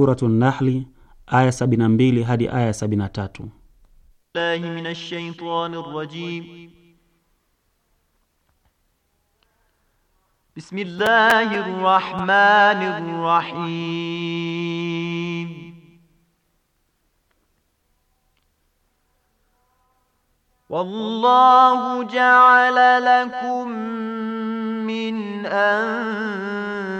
suratu Nahli aya 72 hadi aya 73. Billahi minash shaitani rajim. Bismillahir rahmanir rahim. والله جعل لكم من أنفسكم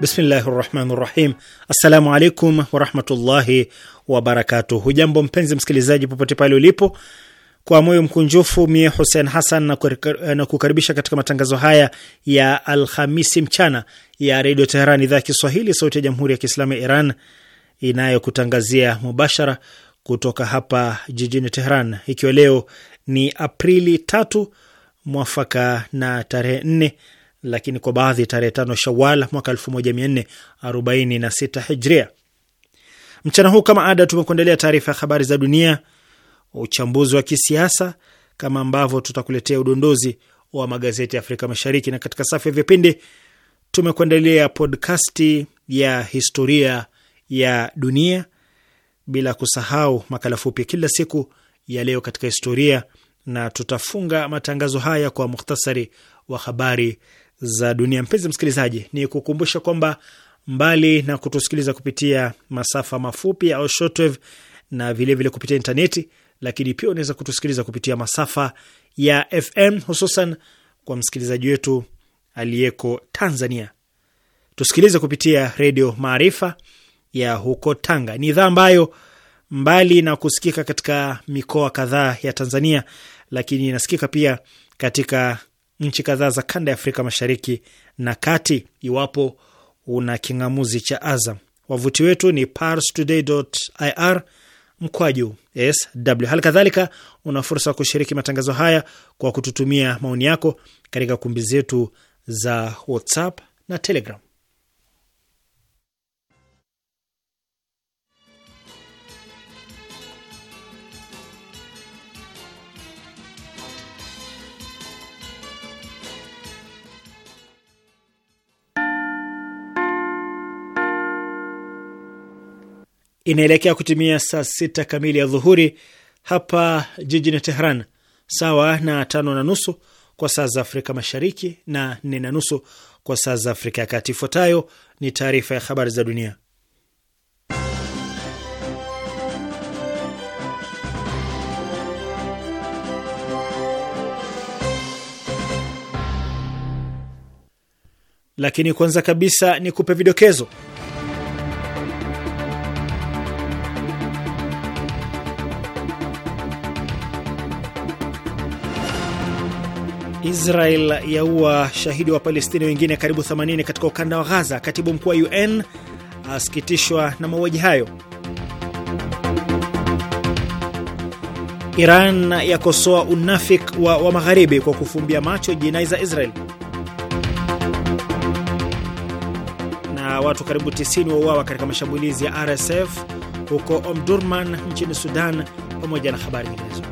Bismillahi rahmani rahim. Assalamu alaikum warahmatullahi wabarakatuh. Hujambo mpenzi msikilizaji, popote pale ulipo, kwa moyo mkunjufu mie Hussein Hassan na kukaribisha katika matangazo haya ya Alhamisi mchana ya Redio Teheran, idhaa ya Kiswahili, sauti ya Jamhuri ya Kiislamu ya Iran inayokutangazia mubashara kutoka hapa jijini Teheran, ikiwa leo ni Aprili tatu mwafaka na tarehe nne lakini kwa baadhi tarehe tano Shawal mwaka sita Hijria. Mchana huu kama ada, tumekuandalia taarifa ya habari za dunia, uchambuzi wa kisiasa, kama ambavyo tutakuletea udondozi wa magazeti ya Afrika Mashariki, na katika safu ya vipindi tumekuandalia podkasti ya historia ya dunia, bila kusahau makala fupi kila siku ya leo katika historia, na tutafunga matangazo haya kwa mukhtasari wa habari za dunia. Mpenzi msikilizaji, ni kukumbusha kwamba mbali na kutusikiliza kupitia masafa mafupi au shortwave na vilevile vile kupitia intaneti, lakini pia unaweza kutusikiliza kupitia masafa ya FM, hususan kwa msikilizaji wetu aliyeko Tanzania. Tusikilize kupitia Redio Maarifa ya huko Tanga. Ni idhaa ambayo mbali na kusikika katika mikoa kadhaa ya Tanzania, lakini inasikika pia katika nchi kadhaa za kanda ya Afrika Mashariki na Kati, iwapo una king'amuzi cha Azam. Wavuti wetu ni parstoday.ir mkwaju sw. Hali kadhalika una fursa ya kushiriki matangazo haya kwa kututumia maoni yako katika kumbi zetu za WhatsApp na Telegram. inaelekea kutimia saa sita kamili ya dhuhuri hapa jijini Tehran, sawa na tano na nusu kwa saa za Afrika Mashariki na nne na nusu kwa saa za Afrika ya Kati. Ifuatayo ni taarifa ya habari za dunia, lakini kwanza kabisa ni kupe vidokezo Israel yaua shahidi wa Palestina wengine karibu 80 katika ukanda wa Gaza. Katibu mkuu wa UN asikitishwa na mauaji hayo. Iran yakosoa unafik wa, wa magharibi kwa kufumbia macho jinai za Israel. Na watu karibu 90 wauawa katika mashambulizi ya RSF huko Omdurman nchini Sudan, pamoja na habari nyinginezo.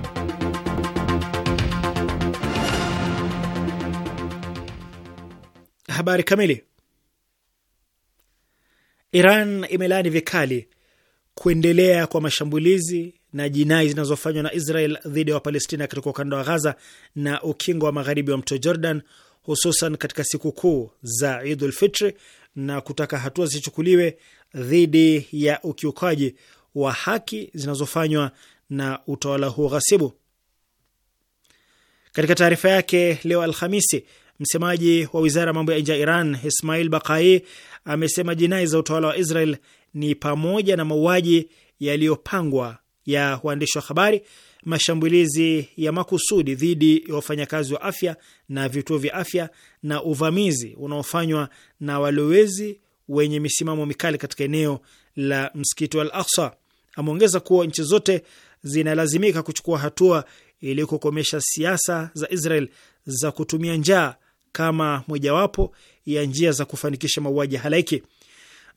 Habari kamili. Iran imelaani vikali kuendelea kwa mashambulizi na jinai zinazofanywa na Israel dhidi ya Wapalestina katika ukanda wa Ghaza na ukingo wa magharibi wa mto Jordan, hususan katika siku kuu za Idul Fitri na kutaka hatua zichukuliwe dhidi ya ukiukaji wa haki zinazofanywa na utawala huo ghasibu. Katika taarifa yake leo Alhamisi, Msemaji wa wizara ya mambo ya nje ya Iran Ismail Bakai amesema jinai za utawala wa Israel ni pamoja na mauaji yaliyopangwa ya waandishi wa habari, mashambulizi ya makusudi dhidi ya wafanyakazi wa afya na vituo vya afya na uvamizi unaofanywa na walowezi wenye misimamo mikali katika eneo la msikiti wa Al Aksa. Ameongeza kuwa nchi zote zinalazimika kuchukua hatua ili kukomesha siasa za Israel za kutumia njaa kama mojawapo ya njia za kufanikisha mauaji halaiki.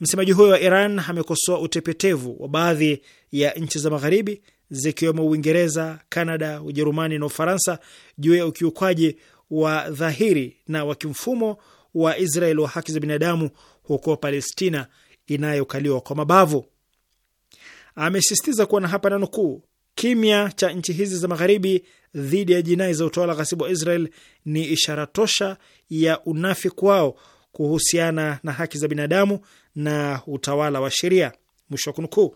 Msemaji huyo wa Iran amekosoa utepetevu wa baadhi ya nchi za Magharibi zikiwemo Uingereza, Kanada, Ujerumani na Ufaransa juu ya ukiukwaji wa dhahiri na wa kimfumo wa Israel wa haki za binadamu huko Palestina inayokaliwa kwa mabavu. Amesisitiza kuwa na hapa nanukuu, kimya cha nchi hizi za Magharibi dhidi ya jinai za utawala ghasibu wa Israel ni ishara tosha ya unafiki wao kuhusiana na haki za binadamu na utawala wa sheria. Mwisho wa kunukuu.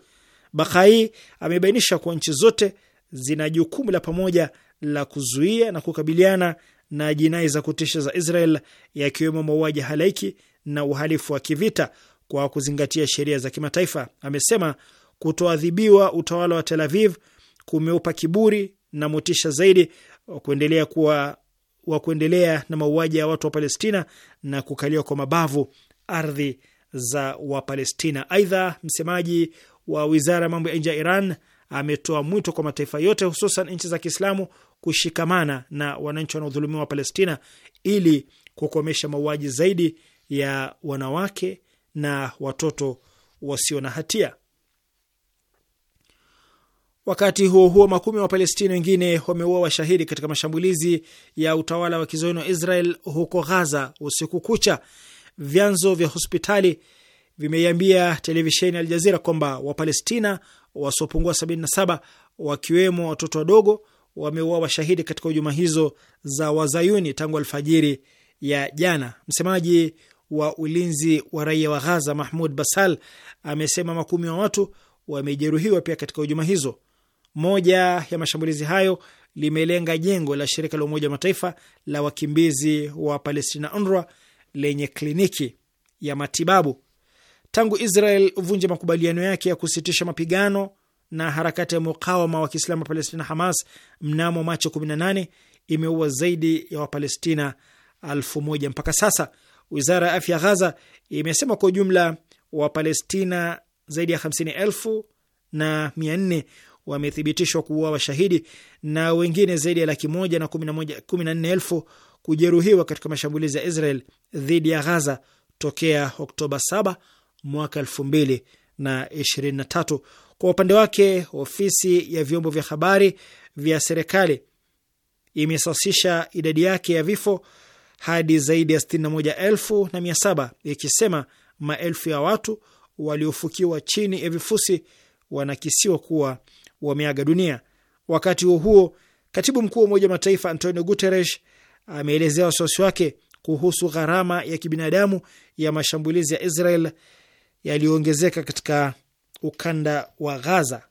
Bakai amebainisha kuwa nchi zote zina jukumu la pamoja la kuzuia na kukabiliana na jinai za kutisha za Israel, yakiwemo mauaji halaiki na uhalifu wa kivita kwa kuzingatia sheria za kimataifa. Amesema kutoadhibiwa utawala wa Tel Aviv kumeupa kiburi na motisha zaidi wa kuendelea kuwa wa kuendelea na mauaji ya watu wa Palestina na kukaliwa kwa mabavu ardhi za Wapalestina. Aidha, msemaji wa wizara ya mambo ya nje ya Iran ametoa mwito kwa mataifa yote, hususan nchi za Kiislamu kushikamana na wananchi wanaodhulumiwa wa Palestina ili kukomesha mauaji zaidi ya wanawake na watoto wasio na hatia. Wakati huo huo, makumi wa Palestina wengine wameua washahidi katika mashambulizi ya utawala wa kizoeni wa Israel huko Ghaza usiku kucha. Vyanzo vya hospitali vimeiambia televisheni Al Jazira kwamba Wapalestina wasiopungua 77 wakiwemo watoto wadogo wameua washahidi katika hujuma hizo za wazayuni tangu alfajiri ya jana. Msemaji wa ulinzi wa raia wa Ghaza Mahmud Basal amesema makumi wa watu wamejeruhiwa pia katika hujuma hizo. Moja ya mashambulizi hayo limelenga jengo la shirika la Umoja wa Mataifa la wakimbizi wa Palestina, UNRWA, lenye kliniki ya matibabu. Tangu Israel vunje makubaliano yake ya kusitisha mapigano na harakati ya mukawama wa Kiislamu wa Palestina, Hamas, mnamo Machi 18 imeua zaidi ya Wapalestina elfu moja mpaka sasa. Wizara ya afya ya Ghaza imesema kwa ujumla Wapalestina zaidi ya 50 elfu na mia nne wamethibitishwa kuua washahidi na wengine zaidi ya laki moja na kumi na nne elfu kujeruhiwa katika mashambulizi ya Israel dhidi ya Ghaza tokea Oktoba 7 mwaka elfu mbili na ishirini na tatu. Kwa upande wake, ofisi ya vyombo vya habari vya serikali imesasisha idadi yake ya vifo hadi zaidi ya sitini na moja elfu na mia saba ikisema maelfu ya watu waliofukiwa chini ya vifusi wanakisiwa kuwa wameaga dunia. Wakati huo huo, katibu mkuu wa Umoja wa Mataifa Antonio Guterres ameelezea wasiwasi wake kuhusu gharama ya kibinadamu ya mashambulizi ya Israel yaliyoongezeka katika ukanda wa Gaza.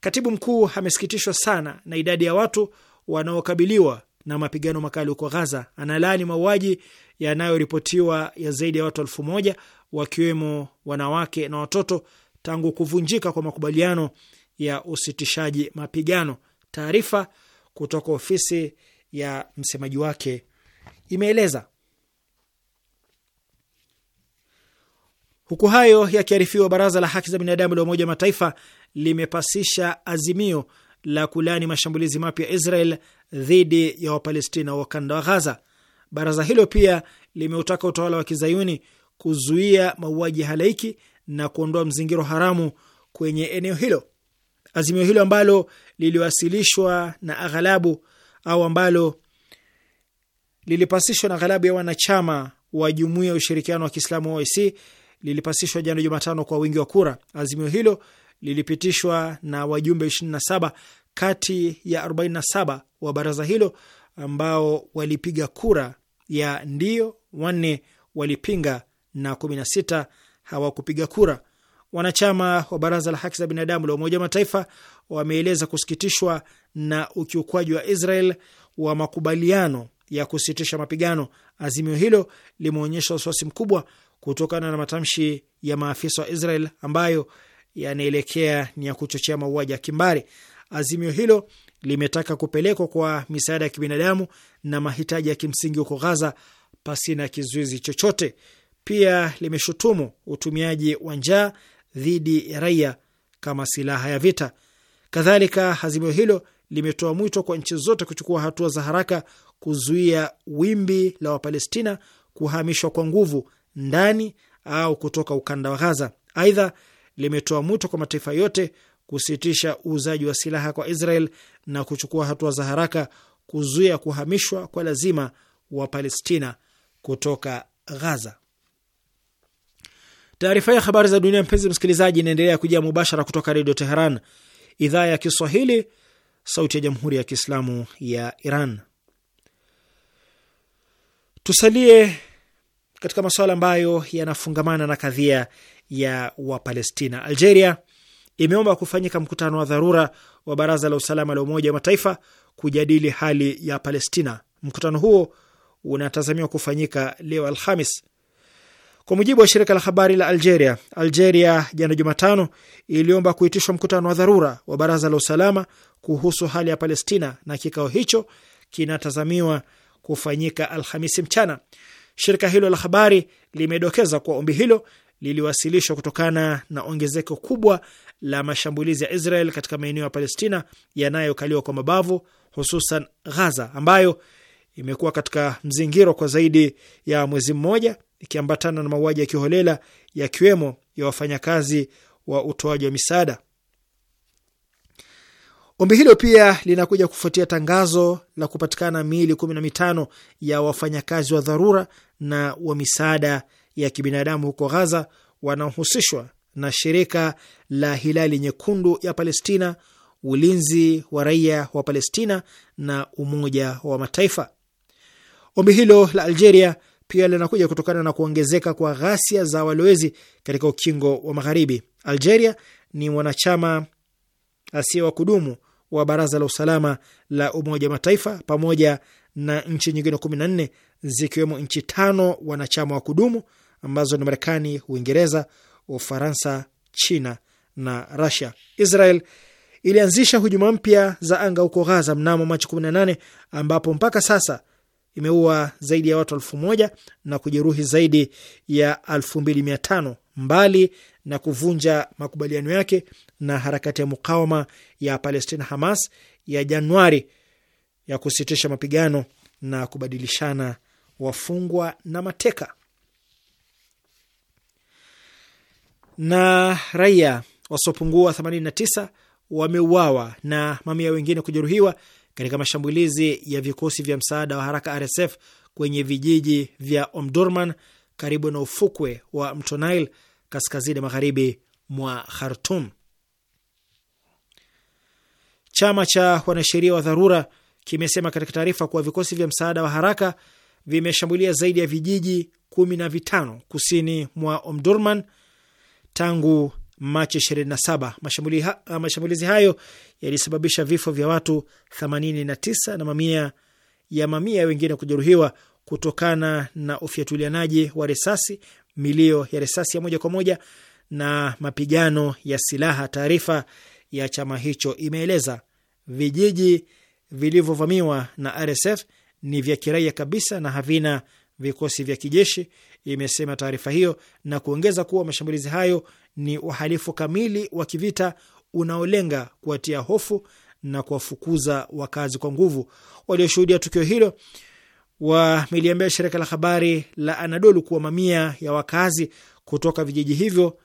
Katibu mkuu amesikitishwa sana na idadi ya watu wanaokabiliwa na mapigano makali huko Gaza. Analaani mauaji yanayoripotiwa ya zaidi ya watu elfu moja wakiwemo wanawake na watoto tangu kuvunjika kwa makubaliano ya usitishaji mapigano. Taarifa kutoka ofisi ya msemaji wake imeeleza. Huku hayo yakiarifiwa, baraza la haki za binadamu la Umoja wa Mataifa limepasisha azimio la kulani mashambulizi mapya ya Israel dhidi ya Wapalestina wa ukanda wa Ghaza. Baraza hilo pia limeutaka utawala wa kizayuni kuzuia mauaji halaiki na kuondoa mzingiro haramu kwenye eneo hilo. Azimio hilo ambalo liliwasilishwa na aghalabu au ambalo lilipasishwa na ghalabu ya wanachama wa Jumuiya ya Ushirikiano wa Kiislamu OIC lilipasishwa jana Jumatano kwa wingi wa kura. Azimio hilo lilipitishwa na wajumbe 27 kati ya 47 wa baraza hilo ambao walipiga kura ya ndio, wanne walipinga na 16 hawakupiga kura. Wanachama wa baraza la haki za binadamu la Umoja wa Mataifa wameeleza kusikitishwa na ukiukwaji wa Israel wa makubaliano ya kusitisha mapigano. Azimio hilo limeonyesha wasiwasi mkubwa kutokana na matamshi ya maafisa wa Israel ambayo yanaelekea ni ya kuchochea mauaji ya kimbari. Azimio hilo limetaka kupelekwa kwa misaada ya kibinadamu na mahitaji ya kimsingi huko Ghaza pasina kizuizi chochote. Pia limeshutumu utumiaji wa njaa dhidi ya raia kama silaha ya vita. Kadhalika, azimio hilo limetoa mwito kwa nchi zote kuchukua hatua za haraka kuzuia wimbi la Wapalestina kuhamishwa kwa nguvu ndani au kutoka ukanda wa Ghaza. Aidha, limetoa mwito kwa mataifa yote kusitisha uuzaji wa silaha kwa Israel na kuchukua hatua za haraka kuzuia kuhamishwa kwa lazima wa Palestina kutoka Ghaza. Taarifa ya habari za dunia, mpenzi msikilizaji, inaendelea kujia mubashara kutoka Redio Teheran, idhaa ya Kiswahili, sauti ya Jamhuri ya Kiislamu ya Iran. Tusalie katika masuala ambayo yanafungamana na kadhia ya Wapalestina. Algeria imeomba kufanyika mkutano wa dharura wa Baraza la Usalama la Umoja wa Mataifa kujadili hali ya Palestina. Mkutano huo unatazamiwa kufanyika leo Alhamis. Kwa mujibu wa shirika la habari la Algeria, Algeria jana Jumatano iliomba kuitishwa mkutano wa dharura wa baraza la usalama kuhusu hali ya Palestina, na kikao hicho kinatazamiwa kufanyika Alhamisi mchana. Shirika hilo la habari limedokeza kuwa ombi hilo liliwasilishwa kutokana na ongezeko kubwa la mashambulizi ya Israel katika maeneo ya Palestina yanayokaliwa kwa mabavu, hususan Ghaza ambayo imekuwa katika mzingiro kwa zaidi ya mwezi mmoja ikiambatana na mauaji ya kiholela yakiwemo ya wafanyakazi wa utoaji wa misaada. Ombi hilo pia linakuja kufuatia tangazo la kupatikana miili kumi na mitano ya wafanyakazi wa dharura na wa misaada ya kibinadamu huko Ghaza wanaohusishwa na shirika la Hilali Nyekundu ya Palestina, ulinzi wa raia wa Palestina na Umoja wa Mataifa. Ombi hilo la Algeria pia linakuja kutokana na kuongezeka kwa ghasia za walowezi katika ukingo wa Magharibi. Algeria ni mwanachama asiye wa kudumu wa Baraza la Usalama la Umoja wa Mataifa pamoja na nchi nyingine kumi na nne zikiwemo nchi tano wanachama wa kudumu ambazo ni Marekani, Uingereza, Ufaransa, China na rasia Israel ilianzisha hujuma mpya za anga huko ghaza mnamo Machi 18 ambapo mpaka sasa imeua zaidi ya watu elfu moja na kujeruhi zaidi ya elfu mbili mia tano mbali na kuvunja makubaliano yake na harakati ya mukawama ya Palestina Hamas ya Januari ya kusitisha mapigano na kubadilishana wafungwa na mateka. Na raia wasiopungua 89 wameuawa na mamia wengine kujeruhiwa katika mashambulizi ya vikosi vya msaada wa haraka RSF kwenye vijiji vya Omdurman karibu na ufukwe wa mto Nile kaskazini magharibi mwa Khartum. Chama cha wanasheria wa dharura kimesema katika taarifa kuwa vikosi vya msaada wa haraka vimeshambulia zaidi ya vijiji kumi na vitano kusini mwa Omdurman tangu Machi 27. Mashambulizi, ha ah, mashambulizi hayo yalisababisha vifo vya watu 89 na mamia ya mamia wengine kujeruhiwa kutokana na ufyatulianaji wa risasi, milio ya risasi ya moja kwa moja na mapigano ya silaha. Taarifa ya chama hicho imeeleza vijiji vilivyovamiwa na RSF ni vya kiraia kabisa na havina vikosi vya kijeshi imesema taarifa hiyo na kuongeza kuwa mashambulizi hayo ni uhalifu kamili wa kivita unaolenga kuwatia hofu na kuwafukuza wakazi kwa nguvu. Walioshuhudia tukio hilo wameliambia shirika la habari la Anadolu kuwa mamia ya wakazi kutoka vijiji hivyo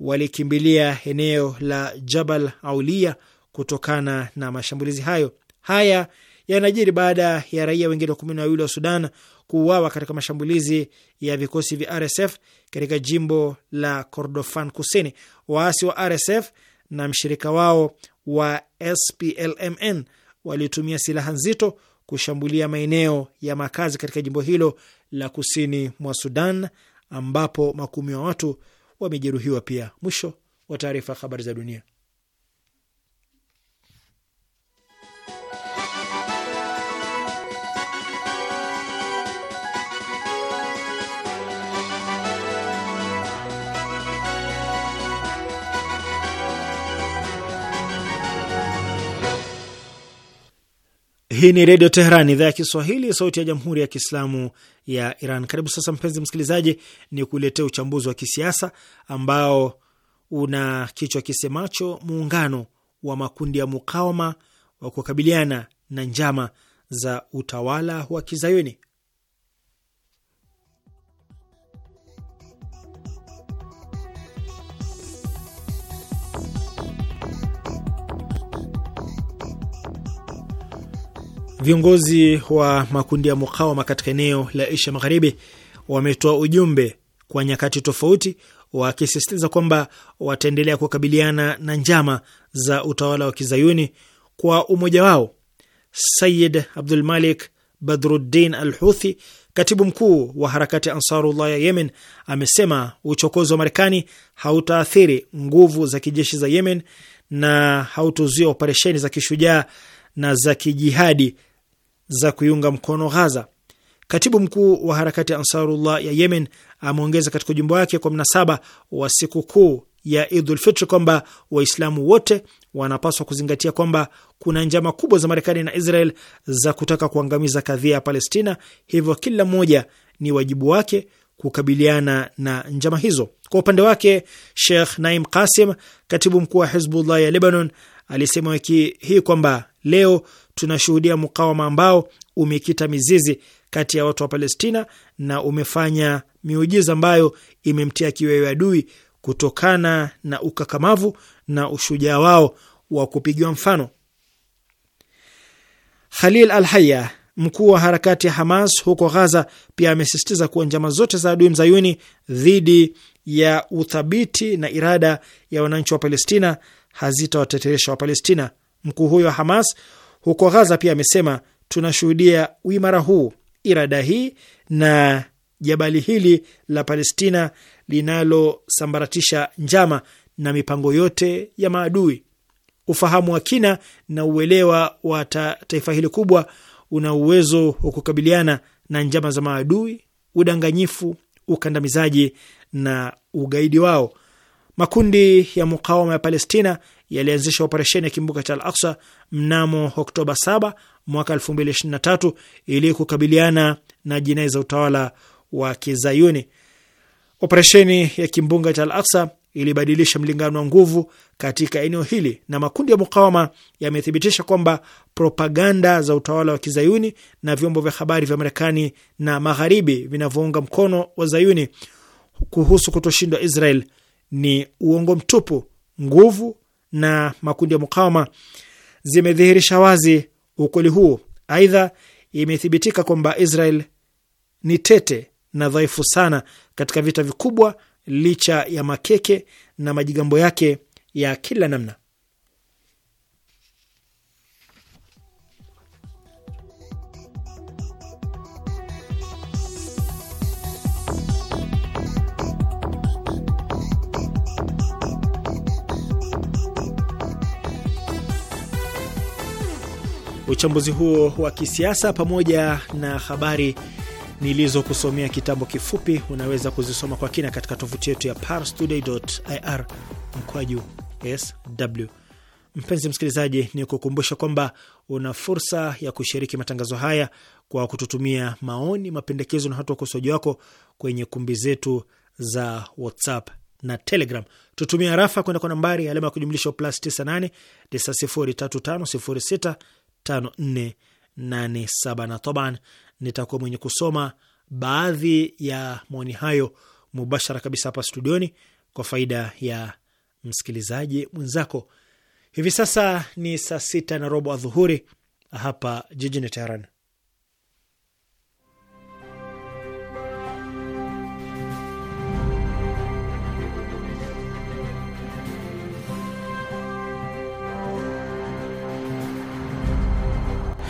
walikimbilia eneo la Jabal Aulia kutokana na mashambulizi hayo. Haya yanajiri baada ya raia wengine kumi na wawili wa Sudan kuuawa katika mashambulizi ya vikosi vya RSF katika jimbo la Kordofan Kusini. Waasi wa RSF na mshirika wao wa SPLMN walitumia silaha nzito kushambulia maeneo ya makazi katika jimbo hilo la kusini mwa Sudan, ambapo makumi wa watu wamejeruhiwa pia. Mwisho wa taarifa ya habari za dunia. Hii ni Redio Teheran, idhaa ya Kiswahili, sauti ya Jamhuri ya Kiislamu ya Iran. Karibu sasa, mpenzi msikilizaji, ni kuletea uchambuzi wa kisiasa ambao una kichwa kisemacho muungano wa makundi ya mukawama wa kukabiliana na njama za utawala wa kizayuni. Viongozi wa makundi ya mukawama katika eneo la Asia Magharibi wametoa ujumbe kwa nyakati tofauti wakisisitiza kwamba wataendelea kukabiliana na njama za utawala wa kizayuni kwa umoja wao. Sayid Abdul Malik Badruddin Al Huthi, katibu mkuu wa harakati Ansarullah ya Yemen, amesema uchokozi wa Marekani hautaathiri nguvu za kijeshi za Yemen na hautuzuia operesheni za kishujaa na za kijihadi za kuiunga mkono Ghaza. Katibu mkuu wa harakati ya Ansarullah ya Yemen ameongeza katika ujumbe wake kwa mnasaba wa sikukuu ya Idul Fitri kwamba Waislamu wote wanapaswa kuzingatia kwamba kuna njama kubwa za Marekani na Israel za kutaka kuangamiza kadhia ya Palestina, hivyo kila mmoja ni wajibu wake kukabiliana na njama hizo. Kwa upande wake, Sheikh Naim Qasim, katibu mkuu wa Hizbullah ya Lebanon, alisema wiki hii kwamba leo tunashuhudia mukawama ambao umekita mizizi kati ya watu wa Palestina na umefanya miujiza ambayo imemtia kiwewe adui kutokana na ukakamavu na ushujaa wao wa kupigiwa mfano. Khalil al Haya, mkuu wa harakati ya Hamas huko Ghaza, pia amesisitiza kuwa njama zote za adui mzayuni dhidi ya uthabiti na irada ya wananchi wa Palestina hazitawateteresha Wapalestina. Mkuu huyo wa Hamas huko Ghaza. Pia amesema tunashuhudia uimara huu, irada hii na jabali hili la Palestina linalosambaratisha njama na mipango yote ya maadui. Ufahamu wa kina na uelewa wa ta taifa hili kubwa una uwezo wa kukabiliana na njama za maadui, udanganyifu, ukandamizaji na ugaidi wao. Makundi ya mukawama ya Palestina yalianzisha operesheni ya kimbuka cha Al mnamo Oktoba 7 mwaka 2023 ili kukabiliana na jinai za utawala wa Kizayuni. Operesheni ya kimbunga cha Al ilibadilisha mlingano wa nguvu katika eneo hili na makundi ya mukawama yamethibitisha kwamba propaganda za utawala wa Kizayuni na vyombo vya habari vya Marekani na Magharibi vinavyounga mkono wa Zayuni kuhusu kutoshindwa Israel ni uongo mtupu. Nguvu na makundi ya mukawama zimedhihirisha wazi ukweli huo. Aidha, imethibitika kwamba Israel ni tete na dhaifu sana katika vita vikubwa, licha ya makeke na majigambo yake ya kila namna. Uchambuzi huo wa kisiasa pamoja na habari nilizokusomea kitambo kifupi unaweza kuzisoma kwa kina katika tovuti yetu ya parstoday.ir mkwaju sw. Mpenzi msikilizaji, ni kukumbusha kwamba una fursa ya kushiriki matangazo haya kwa kututumia maoni, mapendekezo na hata ukosoaji wako kwenye kumbi zetu za WhatsApp na Telegram. Tutumia rafa kwenda kwa nambari alama ya kujumlisha plus 98 9 0 6 5487 na taban nitakuwa mwenye kusoma baadhi ya maoni hayo mubashara kabisa hapa studioni kwa faida ya msikilizaji mwenzako. Hivi sasa ni saa sita na robo adhuhuri hapa jijini Teheran.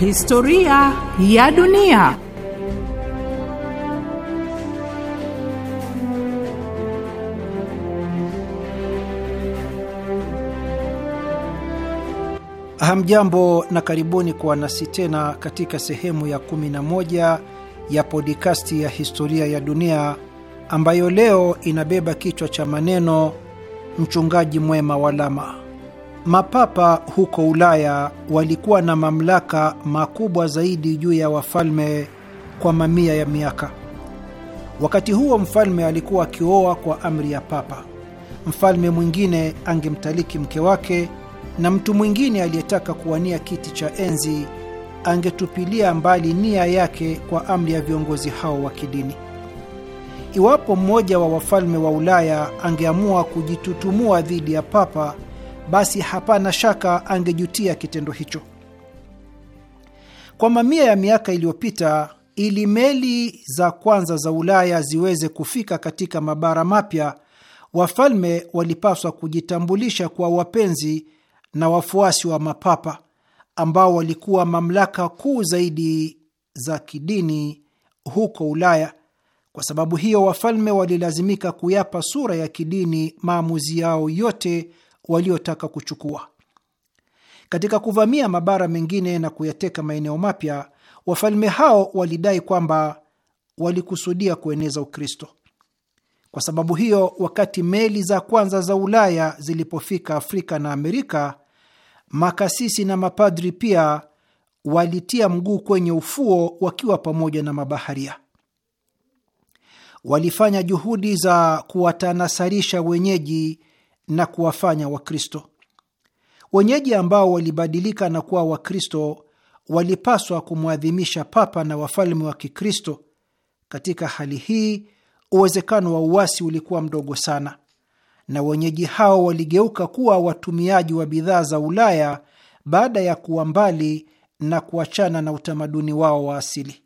Historia ya dunia. Hamjambo na karibuni kwa nasi tena katika sehemu ya 11 ya podikasti ya historia ya dunia ambayo leo inabeba kichwa cha maneno mchungaji mwema wa lama. Mapapa huko Ulaya walikuwa na mamlaka makubwa zaidi juu ya wafalme kwa mamia ya miaka. Wakati huo mfalme alikuwa akioa kwa amri ya papa. Mfalme mwingine angemtaliki mke wake, na mtu mwingine aliyetaka kuwania kiti cha enzi angetupilia mbali nia yake kwa amri ya viongozi hao wa kidini. Iwapo mmoja wa wafalme wa Ulaya angeamua kujitutumua dhidi ya papa basi hapana shaka angejutia kitendo hicho. Kwa mamia ya miaka iliyopita, ili meli za kwanza za Ulaya ziweze kufika katika mabara mapya, wafalme walipaswa kujitambulisha kwa wapenzi na wafuasi wa mapapa ambao walikuwa mamlaka kuu zaidi za kidini huko Ulaya. Kwa sababu hiyo, wafalme walilazimika kuyapa sura ya kidini maamuzi yao yote waliotaka kuchukua. Katika kuvamia mabara mengine na kuyateka maeneo mapya, wafalme hao walidai kwamba walikusudia kueneza Ukristo. Kwa sababu hiyo, wakati meli za kwanza za Ulaya zilipofika Afrika na Amerika, makasisi na mapadri pia walitia mguu kwenye ufuo wakiwa pamoja na mabaharia. Walifanya juhudi za kuwatanasarisha wenyeji na kuwafanya Wakristo. Wenyeji ambao walibadilika na kuwa Wakristo walipaswa kumwadhimisha papa na wafalme wa Kikristo. Katika hali hii, uwezekano wa uasi ulikuwa mdogo sana, na wenyeji hao waligeuka kuwa watumiaji wa bidhaa za Ulaya baada ya kuwa mbali na kuachana na utamaduni wao wa asili.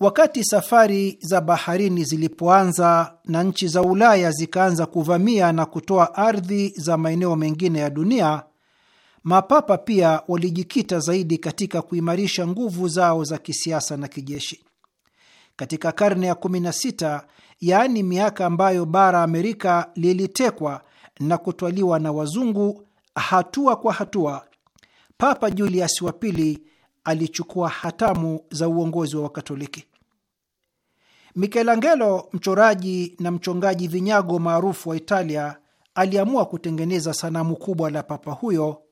Wakati safari za baharini zilipoanza na nchi za Ulaya zikaanza kuvamia na kutoa ardhi za maeneo mengine ya dunia, mapapa pia walijikita zaidi katika kuimarisha nguvu zao za kisiasa na kijeshi. Katika karne ya 16, yaani miaka ambayo bara Amerika lilitekwa na kutwaliwa na wazungu, hatua kwa hatua, Papa Julius wa Pili alichukua hatamu za uongozi wa Wakatoliki. Michelangelo, mchoraji na mchongaji vinyago maarufu wa Italia, aliamua kutengeneza sanamu kubwa la papa huyo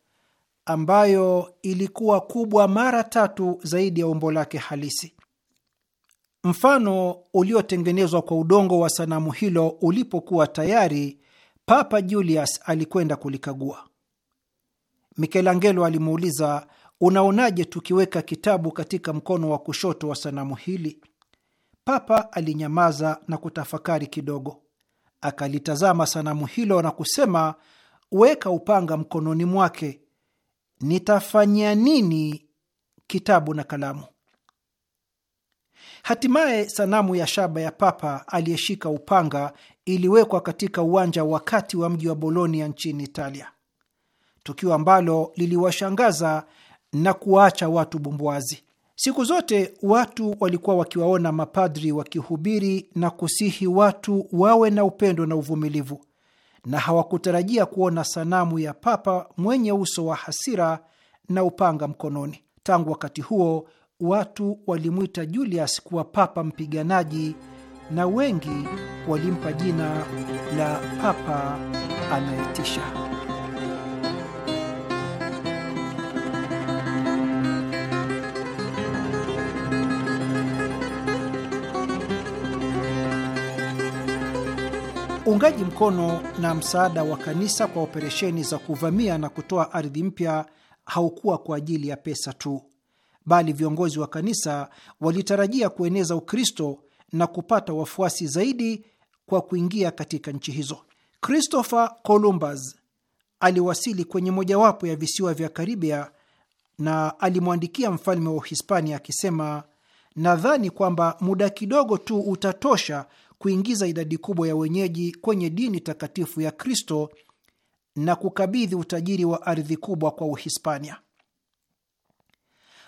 ambayo ilikuwa kubwa mara tatu zaidi ya umbo lake halisi. Mfano uliotengenezwa kwa udongo wa sanamu hilo ulipokuwa tayari, Papa Julius alikwenda kulikagua. Michelangelo alimuuliza unaonaje tukiweka kitabu katika mkono wa kushoto wa sanamu hili? Papa alinyamaza na kutafakari kidogo, akalitazama sanamu hilo na kusema, weka upanga mkononi mwake. Nitafanya nini kitabu na kalamu? Hatimaye sanamu ya shaba ya papa aliyeshika upanga iliwekwa katika uwanja wa kati wa mji wa Bolonia nchini Italia, tukio ambalo liliwashangaza na kuwaacha watu bumbwazi. Siku zote watu walikuwa wakiwaona mapadri wakihubiri na kusihi watu wawe na upendo na uvumilivu, na hawakutarajia kuona sanamu ya papa mwenye uso wa hasira na upanga mkononi. Tangu wakati huo watu walimwita Julius kuwa papa mpiganaji, na wengi walimpa jina la papa anayetisha. Uungaji mkono na msaada wa kanisa kwa operesheni za kuvamia na kutoa ardhi mpya haukuwa kwa ajili ya pesa tu, bali viongozi wa kanisa walitarajia kueneza Ukristo na kupata wafuasi zaidi kwa kuingia katika nchi hizo. Christopher Columbus aliwasili kwenye mojawapo ya visiwa vya Karibia na alimwandikia mfalme wa Uhispania akisema, nadhani kwamba muda kidogo tu utatosha kuingiza idadi kubwa ya wenyeji kwenye dini takatifu ya Kristo na kukabidhi utajiri wa ardhi kubwa kwa Uhispania.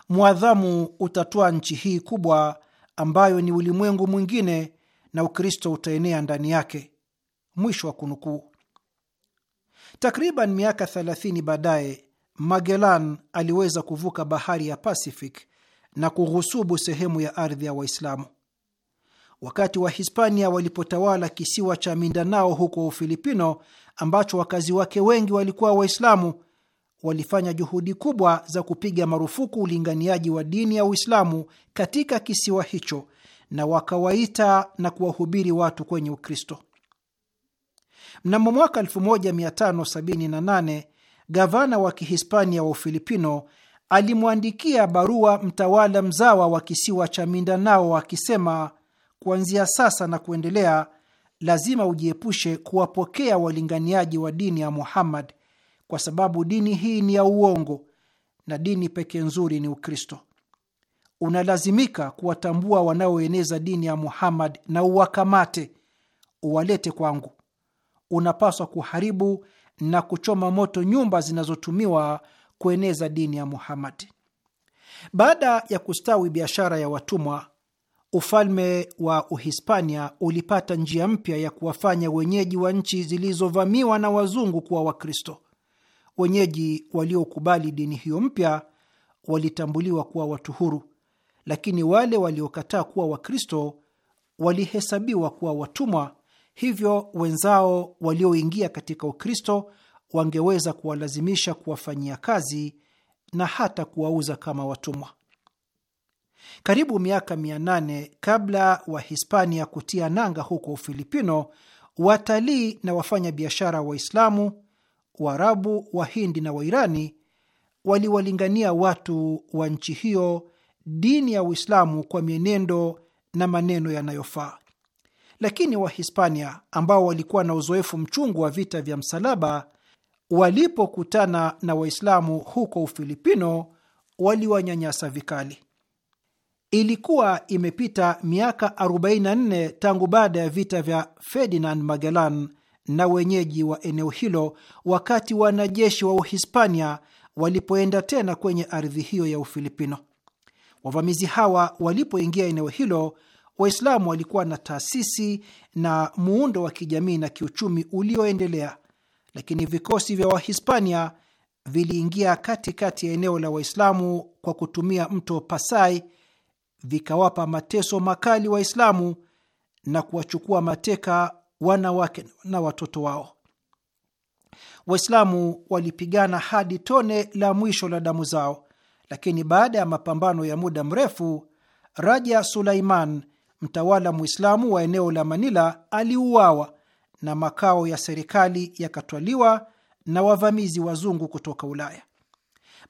Mwadhamu utatoa nchi hii kubwa ambayo ni ulimwengu mwingine na Ukristo utaenea ndani yake. Mwisho wa kunukuu. Takriban miaka 30 baadaye, Magellan aliweza kuvuka bahari ya Pacific na kughusubu sehemu ya ardhi ya Waislamu wakati wa Hispania walipotawala kisiwa cha Mindanao huko Ufilipino, ambacho wakazi wake wengi walikuwa Waislamu, walifanya juhudi kubwa za kupiga marufuku ulinganiaji wa dini ya Uislamu katika kisiwa hicho na wakawaita na kuwahubiri watu kwenye Ukristo. Mnamo mwaka 1578 gavana wa Kihispania wa Ufilipino alimwandikia barua mtawala mzawa wa kisiwa cha Mindanao akisema kuanzia sasa na kuendelea, lazima ujiepushe kuwapokea walinganiaji wa dini ya Muhammad, kwa sababu dini hii ni ya uongo na dini pekee nzuri ni Ukristo. Unalazimika kuwatambua wanaoeneza dini ya Muhammad na uwakamate, uwalete kwangu. Unapaswa kuharibu na kuchoma moto nyumba zinazotumiwa kueneza dini ya Muhammad. Baada ya kustawi biashara ya watumwa ufalme wa Uhispania ulipata njia mpya ya kuwafanya wenyeji wa nchi zilizovamiwa na wazungu kuwa Wakristo. Wenyeji waliokubali dini hiyo mpya walitambuliwa kuwa watu huru, lakini wale waliokataa kuwa Wakristo walihesabiwa kuwa watumwa. Hivyo wenzao walioingia katika Ukristo wangeweza kuwalazimisha kuwafanyia kazi na hata kuwauza kama watumwa. Karibu miaka 800 kabla Wahispania kutia nanga huko Ufilipino, watalii na wafanya biashara Waislamu, Waarabu, Wahindi na Wairani waliwalingania watu wa nchi hiyo dini ya Uislamu kwa mienendo na maneno yanayofaa. Lakini Wahispania ambao walikuwa na uzoefu mchungu wa vita vya msalaba, walipokutana na Waislamu huko Ufilipino, waliwanyanyasa vikali. Ilikuwa imepita miaka 44 tangu baada ya vita vya Ferdinand Magellan na wenyeji wa eneo hilo, wakati wanajeshi wa Uhispania walipoenda tena kwenye ardhi hiyo ya Ufilipino. Wavamizi hawa walipoingia eneo hilo, Waislamu walikuwa na taasisi na muundo wa kijamii na kiuchumi ulioendelea, lakini vikosi vya Wahispania viliingia katikati ya eneo la Waislamu kwa kutumia mto Pasai vikawapa mateso makali Waislamu na kuwachukua mateka wanawake na watoto wao. Waislamu walipigana hadi tone la mwisho la damu zao, lakini baada ya mapambano ya muda mrefu, Raja Sulaiman, mtawala Mwislamu wa eneo la Manila, aliuawa na makao ya serikali yakatwaliwa na wavamizi wazungu kutoka Ulaya.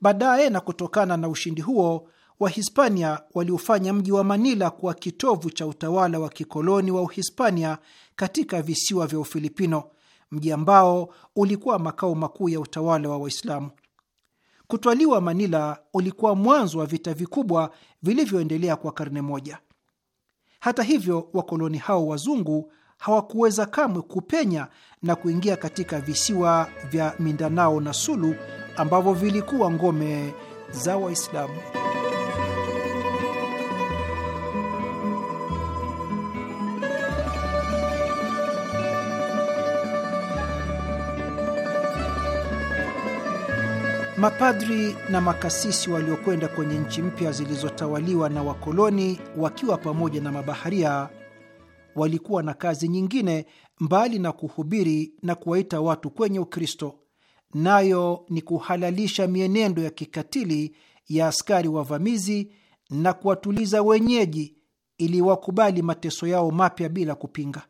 Baadaye, na kutokana na ushindi huo, Wahispania waliofanya mji wa Manila kuwa kitovu cha utawala wa kikoloni wa Uhispania katika visiwa vya Ufilipino, mji ambao ulikuwa makao makuu ya utawala wa Waislamu. Kutwaliwa Manila ulikuwa mwanzo wa vita vikubwa vilivyoendelea kwa karne moja. Hata hivyo, wakoloni hao wazungu hawakuweza kamwe kupenya na kuingia katika visiwa vya Mindanao na Sulu ambavyo vilikuwa ngome za Waislamu. Mapadri na makasisi waliokwenda kwenye nchi mpya zilizotawaliwa na wakoloni wakiwa pamoja na mabaharia walikuwa na kazi nyingine mbali na kuhubiri na kuwaita watu kwenye Ukristo, nayo ni kuhalalisha mienendo ya kikatili ya askari wavamizi na kuwatuliza wenyeji ili wakubali mateso yao mapya bila kupinga.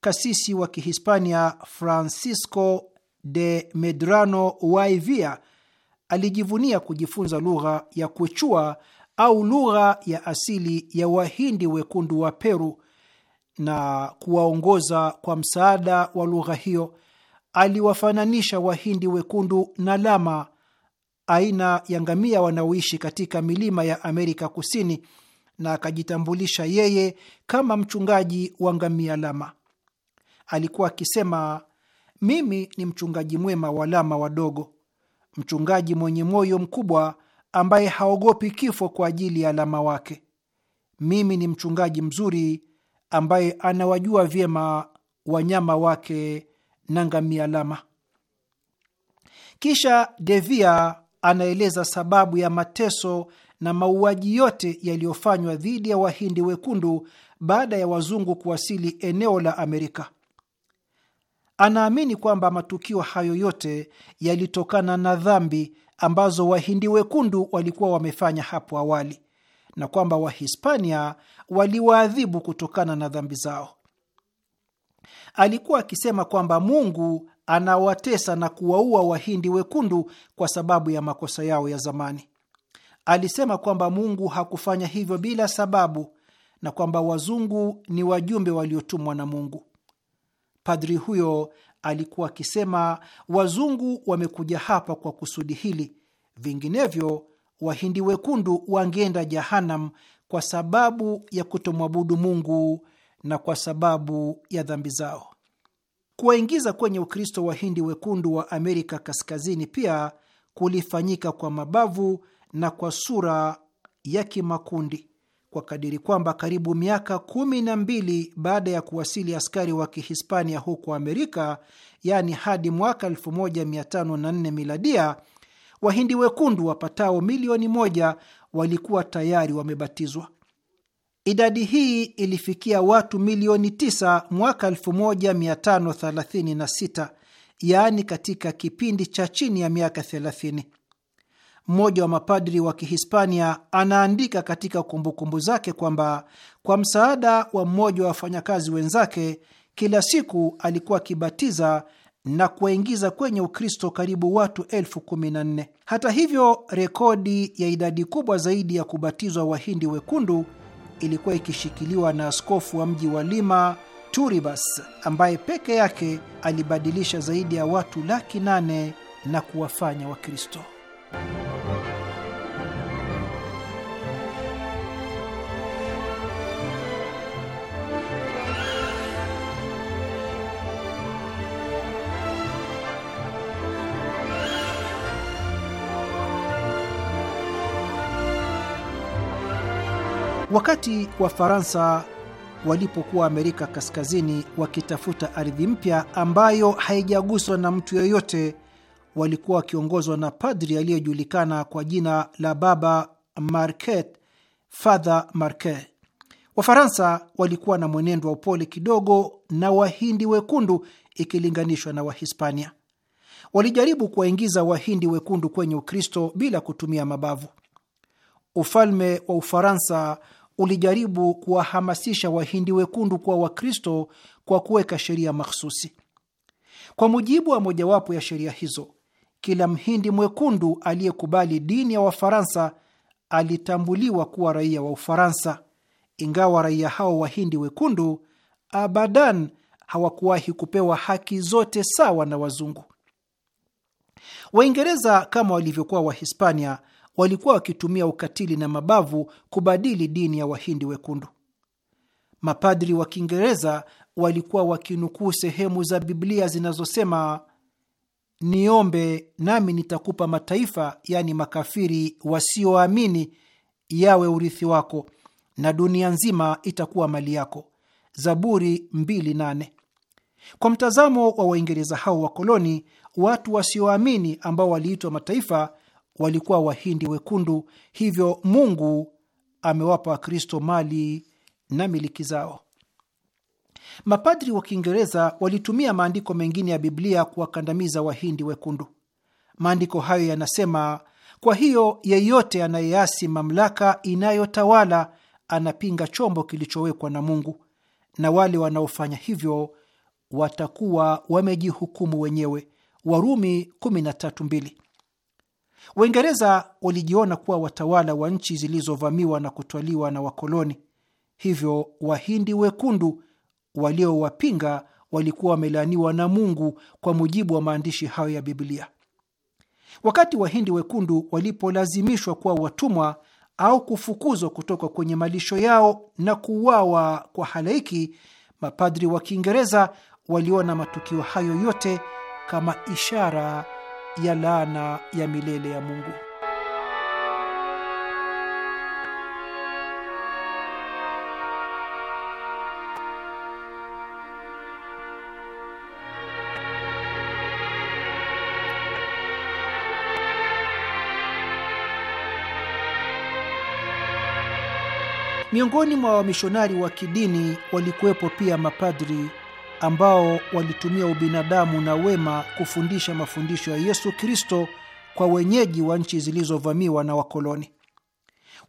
Kasisi wa Kihispania Francisco de Medrano Waivia alijivunia kujifunza lugha ya kwechua au lugha ya asili ya Wahindi wekundu wa Peru na kuwaongoza kwa msaada wa lugha hiyo. Aliwafananisha Wahindi wekundu na lama, aina ya ngamia wanaoishi katika milima ya Amerika Kusini, na akajitambulisha yeye kama mchungaji wa ngamia lama. Alikuwa akisema mimi ni mchungaji mwema wa lama wadogo, mchungaji mwenye moyo mkubwa ambaye haogopi kifo kwa ajili ya alama wake. Mimi ni mchungaji mzuri ambaye anawajua vyema wanyama wake na ngamia lama. Kisha Devia anaeleza sababu ya mateso na mauaji yote yaliyofanywa dhidi ya Wahindi wekundu baada ya wazungu kuwasili eneo la Amerika. Anaamini kwamba matukio hayo yote yalitokana na dhambi ambazo Wahindi wekundu walikuwa wamefanya hapo awali na kwamba Wahispania waliwaadhibu kutokana na dhambi zao. Alikuwa akisema kwamba Mungu anawatesa na kuwaua Wahindi wekundu kwa sababu ya makosa yao ya zamani. Alisema kwamba Mungu hakufanya hivyo bila sababu na kwamba wazungu ni wajumbe waliotumwa na Mungu. Padri huyo alikuwa akisema, wazungu wamekuja hapa kwa kusudi hili, vinginevyo wahindi wekundu wangeenda Jahanam kwa sababu ya kutomwabudu Mungu na kwa sababu ya dhambi zao. Kuwaingiza kwenye Ukristo wahindi wekundu wa Amerika Kaskazini pia kulifanyika kwa mabavu na kwa sura ya kimakundi kwa kadiri kwamba karibu miaka kumi na mbili baada ya kuwasili askari wa Kihispania huko Amerika, yaani hadi mwaka 1504 miladia, Wahindi wekundu wapatao milioni moja walikuwa tayari wamebatizwa. Idadi hii ilifikia watu milioni 9 mwaka 1536, yaani katika kipindi cha chini ya miaka 30 mmoja wa mapadri wa Kihispania anaandika katika kumbukumbu kumbu zake kwamba kwa msaada wa mmoja wa wafanyakazi wenzake, kila siku alikuwa akibatiza na kuwaingiza kwenye Ukristo karibu watu elfu kumi na nne. Hata hivyo, rekodi ya idadi kubwa zaidi ya kubatizwa Wahindi wekundu ilikuwa ikishikiliwa na askofu wa mji wa Lima Turibas, ambaye peke yake alibadilisha zaidi ya watu laki nane na kuwafanya Wakristo. Wakati Wafaransa walipokuwa Amerika Kaskazini wakitafuta ardhi mpya ambayo haijaguswa na mtu yoyote, walikuwa wakiongozwa na padri aliyejulikana kwa jina la Baba Marquet, Father Marquet. Wafaransa walikuwa na mwenendo wa upole kidogo na Wahindi wekundu ikilinganishwa na Wahispania. Walijaribu kuwaingiza Wahindi wekundu kwenye Ukristo bila kutumia mabavu. Ufalme wa Ufaransa ulijaribu kuwahamasisha Wahindi wekundu kuwa Wakristo kwa kuweka sheria mahsusi. Kwa mujibu wa mojawapo ya sheria hizo, kila Mhindi mwekundu aliyekubali dini ya Wafaransa alitambuliwa kuwa raia wa Ufaransa, ingawa raia hao Wahindi wekundu abadan hawakuwahi kupewa haki zote sawa na wazungu. Waingereza kama walivyokuwa Wahispania walikuwa wakitumia ukatili na mabavu kubadili dini ya wahindi wekundu. Mapadri wa Kiingereza walikuwa wakinukuu sehemu za Biblia zinazosema niombe nami nitakupa mataifa, yaani makafiri wasioamini, yawe urithi wako na dunia nzima itakuwa mali yako, Zaburi 2:8. Kwa mtazamo wa Waingereza hao wakoloni, watu wasioamini ambao waliitwa mataifa walikuwa Wahindi wekundu, hivyo Mungu amewapa Wakristo mali na miliki zao. Mapadri wa Kiingereza walitumia maandiko mengine ya Biblia kuwakandamiza Wahindi wekundu. Maandiko hayo yanasema, kwa hiyo yeyote anayeasi mamlaka inayotawala anapinga chombo kilichowekwa na Mungu, na wale wanaofanya hivyo watakuwa wamejihukumu wenyewe. Warumi 13:2. Waingereza walijiona kuwa watawala wa nchi zilizovamiwa na kutwaliwa na wakoloni, hivyo Wahindi wekundu waliowapinga walikuwa wamelaaniwa na Mungu kwa mujibu wa maandishi hayo ya Biblia. Wakati Wahindi wekundu walipolazimishwa kuwa watumwa au kufukuzwa kutoka kwenye malisho yao na kuuawa kwa halaiki, mapadri wa Kiingereza waliona matukio hayo yote kama ishara ya laana ya milele ya Mungu. Miongoni mwa wamishonari wa kidini walikuwepo pia mapadri ambao walitumia ubinadamu na wema kufundisha mafundisho ya Yesu Kristo kwa wenyeji wa nchi zilizovamiwa na wakoloni.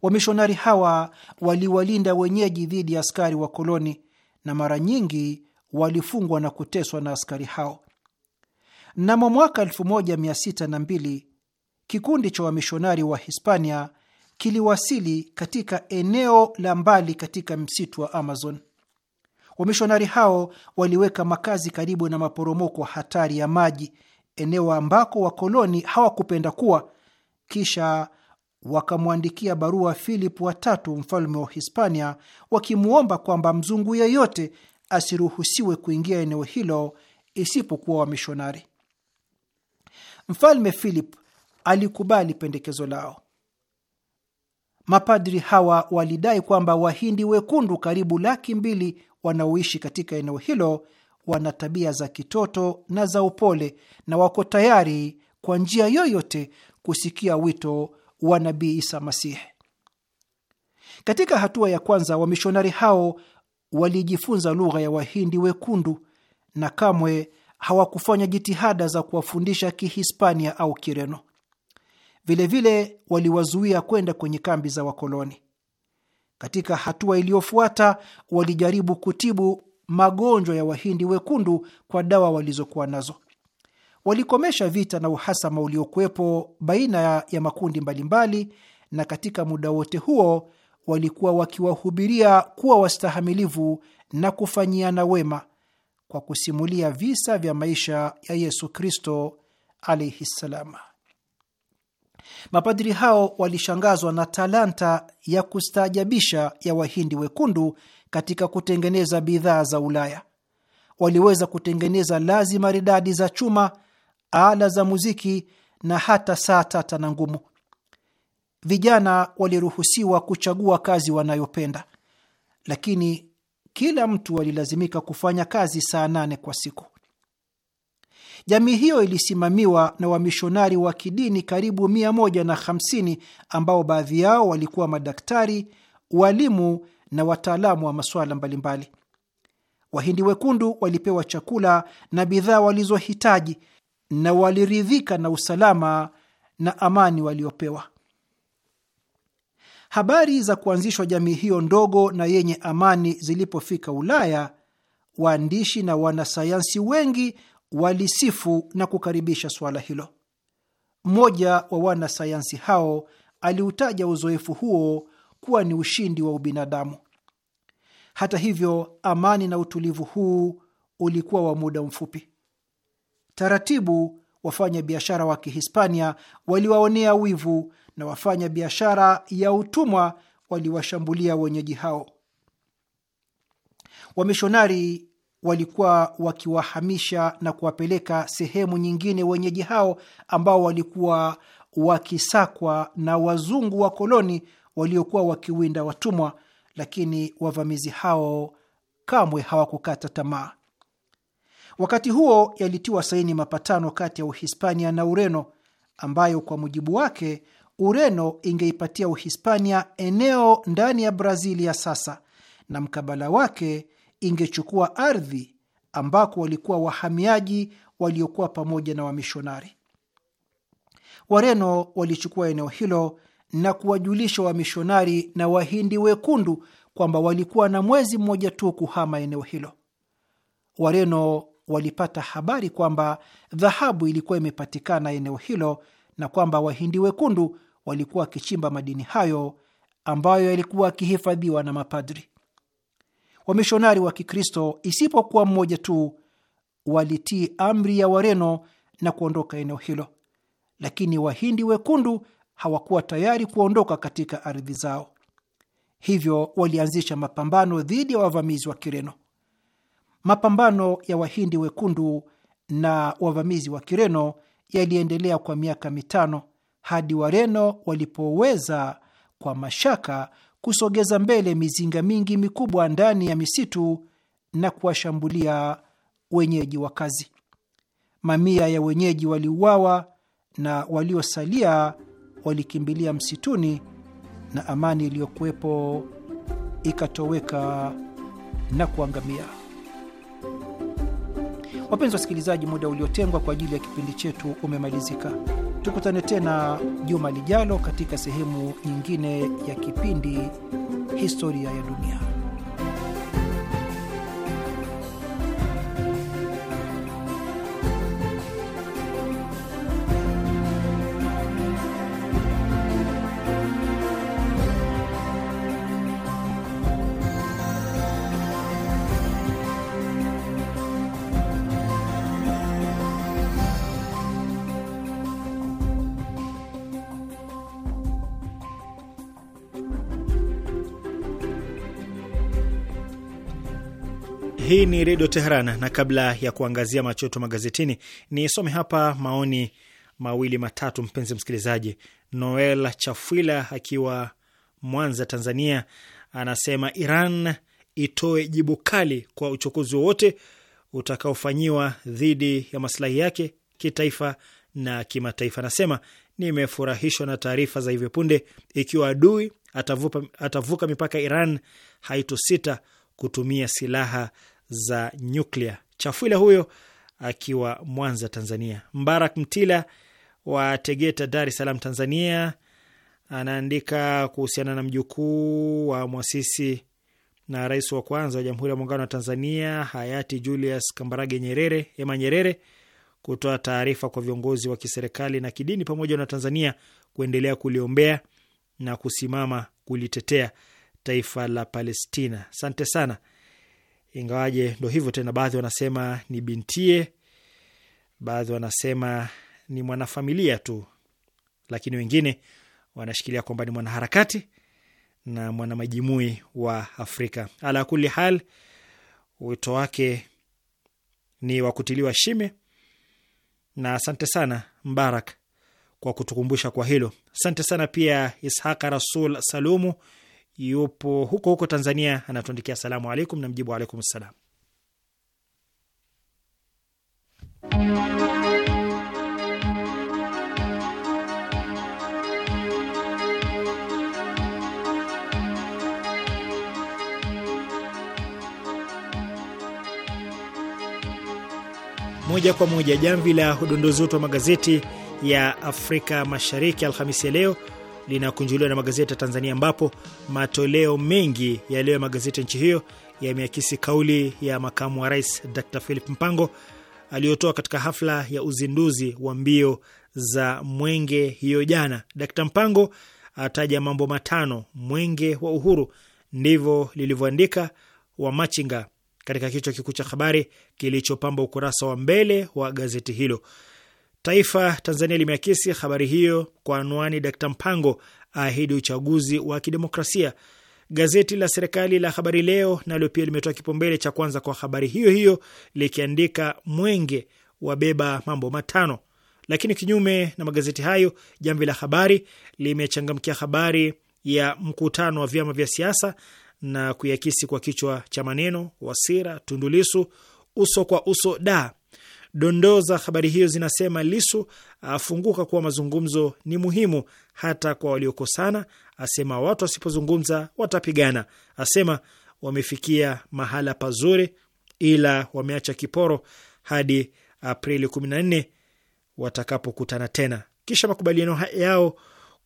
Wamishonari hawa waliwalinda wenyeji dhidi ya askari wakoloni na mara nyingi walifungwa na kuteswa na askari hao. Mnamo mwaka 1602 kikundi cha wamishonari wa Hispania kiliwasili katika eneo la mbali katika msitu wa Amazon. Wamishonari hao waliweka makazi karibu na maporomoko hatari ya maji, eneo ambako wakoloni hawakupenda kuwa, kisha wakamwandikia barua Philip watatu mfalme wa Hispania wakimwomba kwamba mzungu yeyote asiruhusiwe kuingia eneo hilo isipokuwa wamishonari. Mfalme Philip alikubali pendekezo lao. Mapadri hawa walidai kwamba Wahindi wekundu karibu laki mbili wanaoishi katika eneo hilo wana tabia za kitoto na za upole na wako tayari kwa njia yoyote kusikia wito wa Nabii Isa Masihi. Katika hatua ya kwanza, wamishonari hao walijifunza lugha ya Wahindi wekundu na kamwe hawakufanya jitihada za kuwafundisha Kihispania au Kireno. Vilevile waliwazuia kwenda kwenye kambi za wakoloni. Katika hatua iliyofuata, walijaribu kutibu magonjwa ya Wahindi wekundu kwa dawa walizokuwa nazo. Walikomesha vita na uhasama uliokuwepo baina ya makundi mbalimbali, na katika muda wote huo walikuwa wakiwahubiria kuwa wastahamilivu na kufanyiana wema kwa kusimulia visa vya maisha ya Yesu Kristo alaihi Mapadri hao walishangazwa na talanta ya kustaajabisha ya Wahindi wekundu katika kutengeneza bidhaa za Ulaya. Waliweza kutengeneza lazi maridadi za chuma, ala za muziki na hata saa tata na ngumu. Vijana waliruhusiwa kuchagua kazi wanayopenda, lakini kila mtu alilazimika kufanya kazi saa nane kwa siku. Jamii hiyo ilisimamiwa na wamishonari wa kidini karibu 150 ambao baadhi yao walikuwa madaktari, walimu na wataalamu wa masuala mbalimbali. Wahindi wekundu walipewa chakula na bidhaa walizohitaji na waliridhika na usalama na amani waliopewa. Habari za kuanzishwa jamii hiyo ndogo na yenye amani zilipofika Ulaya, waandishi na wanasayansi wengi walisifu na kukaribisha suala hilo. Mmoja wa wanasayansi hao aliutaja uzoefu huo kuwa ni ushindi wa ubinadamu. Hata hivyo, amani na utulivu huu ulikuwa wa muda mfupi. Taratibu wafanya biashara wa Kihispania waliwaonea wivu na wafanya biashara ya utumwa waliwashambulia wenyeji hao. Wamishonari walikuwa wakiwahamisha na kuwapeleka sehemu nyingine wenyeji hao ambao walikuwa wakisakwa na wazungu wa koloni waliokuwa wakiwinda watumwa, lakini wavamizi hao kamwe hawakukata tamaa. Wakati huo yalitiwa saini mapatano kati ya Uhispania na Ureno ambayo kwa mujibu wake Ureno ingeipatia Uhispania eneo ndani ya Brazili ya sasa na mkabala wake ingechukua ardhi ambako walikuwa wahamiaji waliokuwa pamoja na wamishonari. Wareno walichukua eneo hilo na kuwajulisha wamishonari na Wahindi wekundu kwamba walikuwa na mwezi mmoja tu kuhama eneo hilo. Wareno walipata habari kwamba dhahabu ilikuwa imepatikana eneo hilo na kwamba Wahindi wekundu walikuwa wakichimba madini hayo ambayo yalikuwa akihifadhiwa na mapadri wamishonari wa Kikristo isipokuwa mmoja tu walitii amri ya Wareno na kuondoka eneo hilo, lakini Wahindi wekundu hawakuwa tayari kuondoka katika ardhi zao, hivyo walianzisha mapambano dhidi ya wavamizi wa Kireno. Mapambano ya Wahindi wekundu na wavamizi wa Kireno yaliendelea kwa miaka mitano hadi Wareno walipoweza kwa mashaka kusogeza mbele mizinga mingi mikubwa ndani ya misitu na kuwashambulia wenyeji wa kazi Mamia ya wenyeji waliuawa na waliosalia walikimbilia msituni na amani iliyokuwepo ikatoweka na kuangamia. Wapenzi wasikilizaji, muda uliotengwa kwa ajili ya kipindi chetu umemalizika. Tukutane tena juma lijalo katika sehemu nyingine ya kipindi Historia ya Dunia. Hii ni Redio Teheran, na kabla ya kuangazia machoto magazetini, nisome hapa maoni mawili matatu. Mpenzi msikilizaji, Noel Chafwila akiwa Mwanza, Tanzania, anasema Iran itoe jibu kali kwa uchokozi wowote utakaofanyiwa dhidi ya maslahi yake kitaifa na kimataifa. Anasema nimefurahishwa na taarifa za hivi punde, ikiwa adui atavuka, atavuka mipaka Iran haitosita kutumia silaha za nyuklia. Chafuila huyo akiwa Mwanza, Tanzania. Mbarak Mtila wa Tegeta, Dar es Salaam, Tanzania, anaandika kuhusiana na mjukuu wa mwasisi na rais wa kwanza wa Jamhuri ya Muungano wa Tanzania hayati Julius Kambarage Nyerere, Ema Nyerere, kutoa taarifa kwa viongozi wa kiserikali na kidini pamoja na Tanzania kuendelea kuliombea na kusimama kulitetea taifa la Palestina. Asante sana ingawaje ndo hivyo tena, baadhi wanasema ni bintie, baadhi wanasema ni mwanafamilia tu, lakini wengine wanashikilia kwamba ni mwanaharakati na mwanamajimui wa Afrika. Ala kuli hal, wito wake ni wa kutiliwa shime, na asante sana Mbarak kwa kutukumbusha kwa hilo. Asante sana pia Ishaqa Rasul Salumu yupo huko huko Tanzania, anatuandikia salamu alaikum, na mjibu alaikum salam. Moja kwa moja jamvi la udondozi wetu wa magazeti ya Afrika Mashariki Alhamisi ya leo linakunjuliwa na magazeti ya Tanzania, ambapo matoleo mengi ya leo ya magazeti ya nchi hiyo yameakisi kauli ya makamu wa rais Dr Philip Mpango aliyotoa katika hafla ya uzinduzi wa mbio za mwenge hiyo jana. Dr Mpango ataja mambo matano mwenge wa uhuru, ndivyo lilivyoandika Wamachinga katika kichwa kikuu cha habari kilichopamba ukurasa wa mbele wa gazeti hilo. Taifa Tanzania limeakisi habari hiyo kwa anwani Dkt Mpango aahidi uchaguzi wa kidemokrasia. Gazeti la serikali la Habari Leo nalo pia limetoa kipaumbele cha kwanza kwa habari hiyo hiyo likiandika mwenge wabeba mambo matano. Lakini kinyume na magazeti hayo, Jamvi la Habari limechangamkia habari ya mkutano wa vyama vya siasa na kuiakisi kwa kichwa cha maneno Wasira Tundulisu uso kwa uso da Dondoo za habari hiyo zinasema Lisu afunguka kuwa mazungumzo ni muhimu hata kwa waliokosana, asema watu wasipozungumza watapigana, asema wamefikia mahala pazuri ila wameacha kiporo hadi Aprili 14 watakapokutana tena, kisha makubaliano yao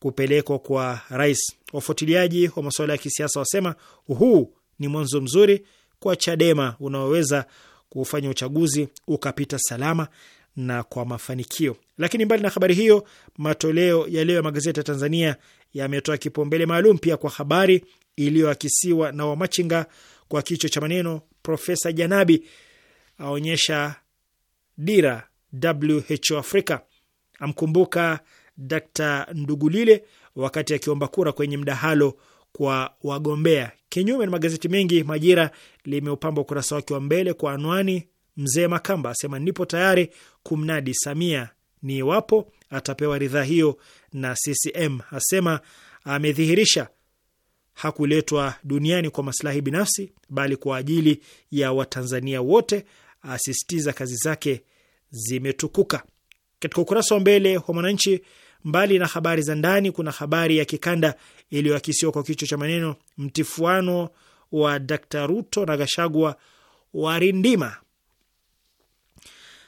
kupelekwa kwa rais. Wafuatiliaji wa masuala ya kisiasa wasema huu ni mwanzo mzuri kwa Chadema unaoweza kufanya uchaguzi ukapita salama na kwa mafanikio. Lakini mbali na habari hiyo, matoleo ya leo ya magazeti ya Tanzania yametoa kipaumbele maalum pia kwa habari iliyoakisiwa na Wamachinga kwa kichwa cha maneno Profesa Janabi aonyesha dira WHO Afrika, amkumbuka Dkt Ndugulile wakati akiomba kura kwenye mdahalo kwa wagombea. Kinyume na magazeti mengi, Majira limeupamba ukurasa wake wa mbele kwa anwani, mzee Makamba asema nipo tayari kumnadi Samia ni iwapo atapewa ridhaa hiyo na CCM, asema amedhihirisha hakuletwa duniani kwa maslahi binafsi, bali kwa ajili ya Watanzania wote, asisitiza kazi zake zimetukuka. Katika ukurasa wa mbele wa Mwananchi Mbali na habari za ndani, kuna habari ya kikanda iliyoakisiwa kwa kichwa cha maneno mtifuano wa Dkt Ruto na Gashagwa warindima.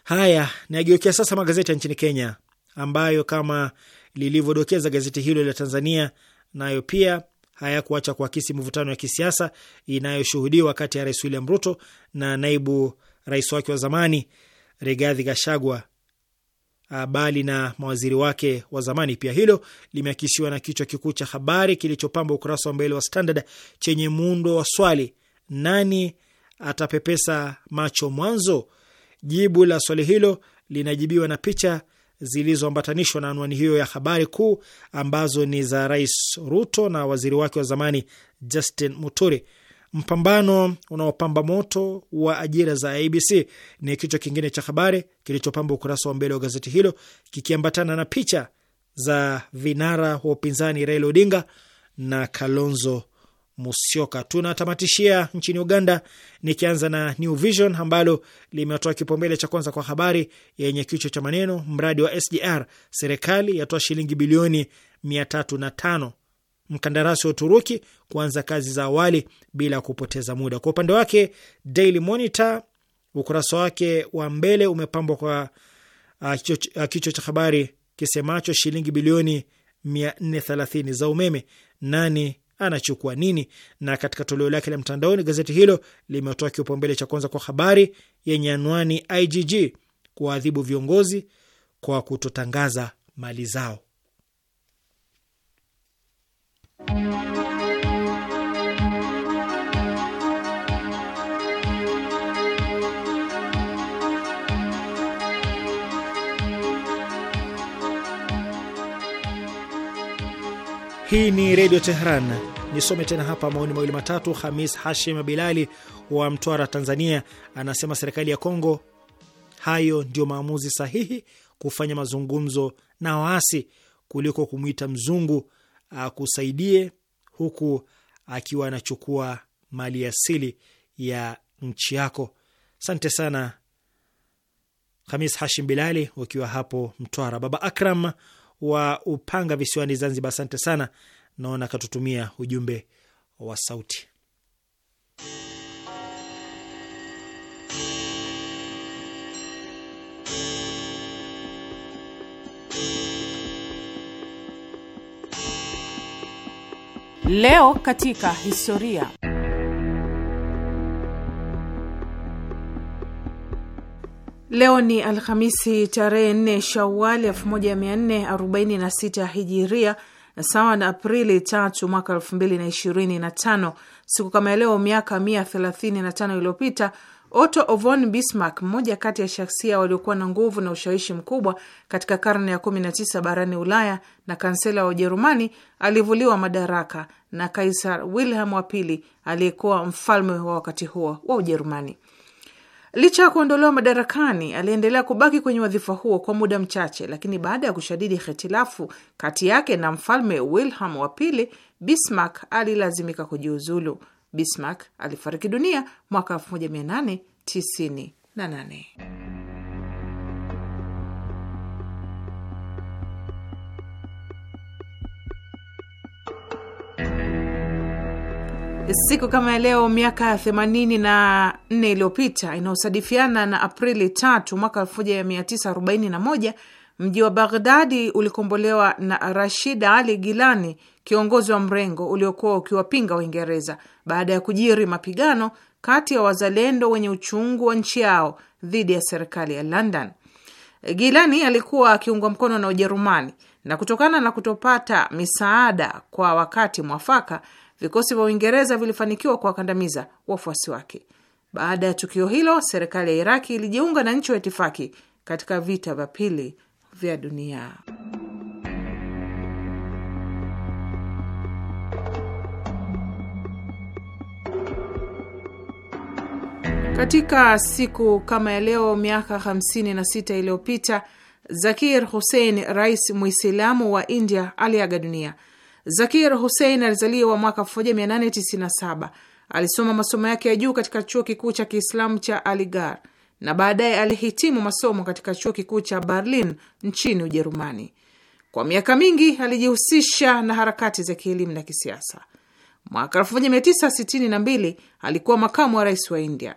Haya, nageukia sasa magazeti ya nchini Kenya ambayo kama lilivyodokeza gazeti hilo la Tanzania nayo na pia hayakuacha kuakisi mivutano ya kisiasa inayoshuhudiwa kati ya Rais William Ruto na naibu rais wake wa zamani Rigathi Gashagwa Ah, bali na mawaziri wake wa zamani pia. Hilo limeakishiwa na kichwa kikuu cha habari kilichopamba ukurasa wa mbele wa Standard chenye muundo wa swali, nani atapepesa macho mwanzo? Jibu la swali hilo linajibiwa na picha zilizoambatanishwa na anwani hiyo ya habari kuu ambazo ni za Rais Ruto na waziri wake wa zamani Justin Muturi. Mpambano unaopamba moto wa ajira za IBC ni kichwa kingine cha habari kilichopamba ukurasa wa mbele wa gazeti hilo kikiambatana na picha za vinara wa upinzani Raila Odinga na Kalonzo Musyoka. Tunatamatishia nchini Uganda, nikianza na New Vision ambalo limetoa kipaumbele cha kwanza kwa habari yenye kichwa cha maneno mradi wa SGR, serikali yatoa shilingi bilioni mia tatu na tano mkandarasi wa Uturuki kuanza kazi za awali bila kupoteza muda. Kwa upande wake, Daily Monitor ukurasa wake wa mbele umepambwa kwa uh, uh kichwa cha habari kisemacho shilingi bilioni 430 za umeme, nani anachukua nini? Na katika toleo lake la mtandaoni, gazeti hilo limetoa kipaumbele cha kwanza kwa habari yenye anwani IGG kuwaadhibu viongozi kwa kutotangaza mali zao. Hii ni Redio Teheran. Nisome tena hapa maoni mawili matatu. Hamis Hashim Bilali wa Mtwara, Tanzania, anasema serikali ya Kongo, hayo ndio maamuzi sahihi, kufanya mazungumzo na waasi kuliko kumwita mzungu akusaidie, huku akiwa anachukua mali asili ya nchi yako. Asante sana Hamis Hashim Bilali wakiwa hapo Mtwara. Baba Akram wa Upanga visiwani Zanzibar, asante sana. Naona katutumia ujumbe wa sauti. Leo katika historia. Leo ni Alhamisi tarehe 4 Shawali 1446 Hijiria, sawa na Aprili tatu mwaka 2025. Siku kama leo miaka 135 iliyopita Otto von Bismarck, mmoja kati ya shaksia waliokuwa na nguvu na ushawishi mkubwa katika karne ya 19 barani Ulaya na kansela wa Ujerumani, alivuliwa madaraka na Kaisar Wilhelm wa pili aliyekuwa mfalme wa wakati huo wa Ujerumani. Licha ya kuondolewa madarakani, aliendelea kubaki kwenye wadhifa huo kwa muda mchache, lakini baada ya kushadidi hitilafu kati yake na mfalme Wilhelm wa pili, Bismarck alilazimika kujiuzulu Bismarck alifariki dunia mwaka 1898. Siku kama ya leo miaka 84 iliyopita inayosadifiana na Aprili 3 mwaka 1941, mji wa Baghdadi ulikombolewa na Rashid Ali Gilani kiongozi wa mrengo uliokuwa ukiwapinga Uingereza baada ya kujiri mapigano kati ya wazalendo wenye uchungu wa nchi yao dhidi ya serikali ya London. Gilani alikuwa akiungwa mkono na Ujerumani na kutokana na kutopata misaada kwa wakati mwafaka, vikosi vya Uingereza vilifanikiwa kuwakandamiza wafuasi wake. Baada ya tukio hilo, serikali ya Iraki ilijiunga na nchi wa itifaki katika vita vya pili vya dunia. Katika siku kama ya leo miaka 56 iliyopita Zakir Hussein, rais mwislamu wa India, aliaga dunia. Zakir Hussein alizaliwa mwaka 1897. Alisoma masomo yake ya juu katika chuo kikuu cha Kiislamu cha aligar na baadaye alihitimu masomo katika chuo kikuu cha Berlin nchini Ujerumani. Kwa miaka mingi alijihusisha na harakati za kielimu na kisiasa. Mwaka 1962 alikuwa makamu wa rais wa India.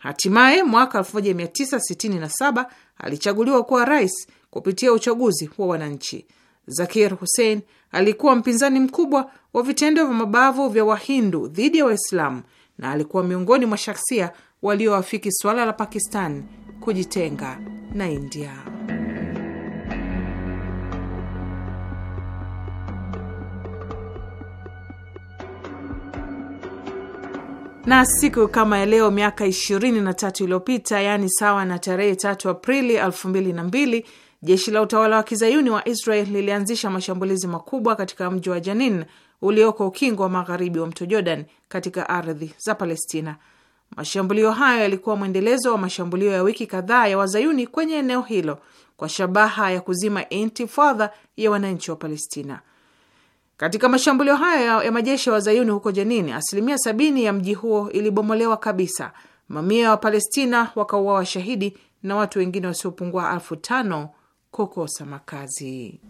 Hatimaye mwaka 1967 alichaguliwa kuwa rais kupitia uchaguzi wa wananchi. Zakir Hussein alikuwa mpinzani mkubwa wa vitendo vya mabavu vya Wahindu dhidi ya Waislamu na alikuwa miongoni mwa shaksia walioafiki suala la Pakistan kujitenga na India. na siku kama ya leo miaka ishirini na tatu iliyopita, yaani sawa na tarehe tatu Aprili elfu mbili na mbili jeshi la utawala wa kizayuni wa Israel lilianzisha mashambulizi makubwa katika mji wa Janin ulioko ukingo wa magharibi wa mto Jordan katika ardhi za Palestina. Mashambulio hayo yalikuwa mwendelezo wa mashambulio ya wiki kadhaa ya wazayuni kwenye eneo hilo kwa shabaha ya kuzima intifadha ya wananchi wa Palestina. Katika mashambulio hayo ya majeshi ya wazayuni huko Jenini, asilimia sabini ya mji huo ilibomolewa kabisa, mamia ya Wapalestina wakauawa shahidi na watu wengine wasiopungua elfu tano kukosa makazi.